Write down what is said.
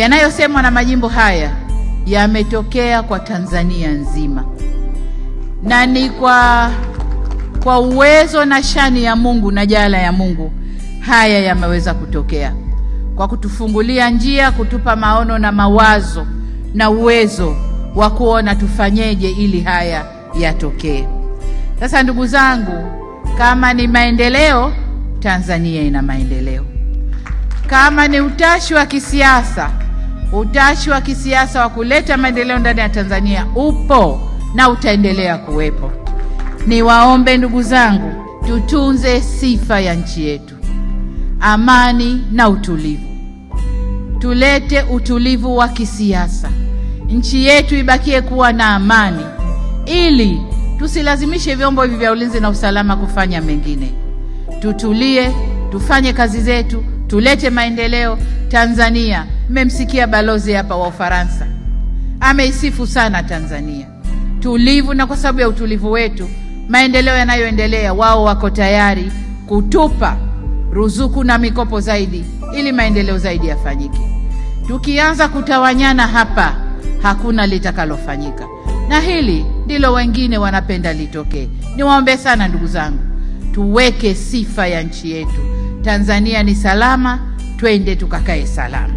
Yanayosemwa na majimbo haya yametokea kwa Tanzania nzima, na ni kwa, kwa uwezo na shani ya Mungu na jala ya Mungu haya yameweza kutokea, kwa kutufungulia njia, kutupa maono na mawazo na uwezo wa kuona tufanyeje ili haya yatokee. Sasa ndugu zangu, kama ni maendeleo, Tanzania ina maendeleo. Kama ni utashi wa kisiasa Utashi wa kisiasa wa kuleta maendeleo ndani ya Tanzania upo na utaendelea kuwepo. Niwaombe ndugu zangu, tutunze sifa ya nchi yetu, amani na utulivu. Tulete utulivu wa kisiasa, nchi yetu ibakie kuwa na amani, ili tusilazimishe vyombo hivi vya ulinzi na usalama kufanya mengine. Tutulie, tufanye kazi zetu tulete maendeleo Tanzania. Mmemsikia balozi hapa wa Ufaransa ameisifu sana Tanzania tulivu, na kwa sababu ya utulivu wetu maendeleo yanayoendelea, wao wako tayari kutupa ruzuku na mikopo zaidi ili maendeleo zaidi yafanyike. Tukianza kutawanyana hapa, hakuna litakalofanyika, na hili ndilo wengine wanapenda litokee. Niwaombe sana ndugu zangu, tuweke sifa ya nchi yetu. Tanzania ni salama, twende tukakae salama.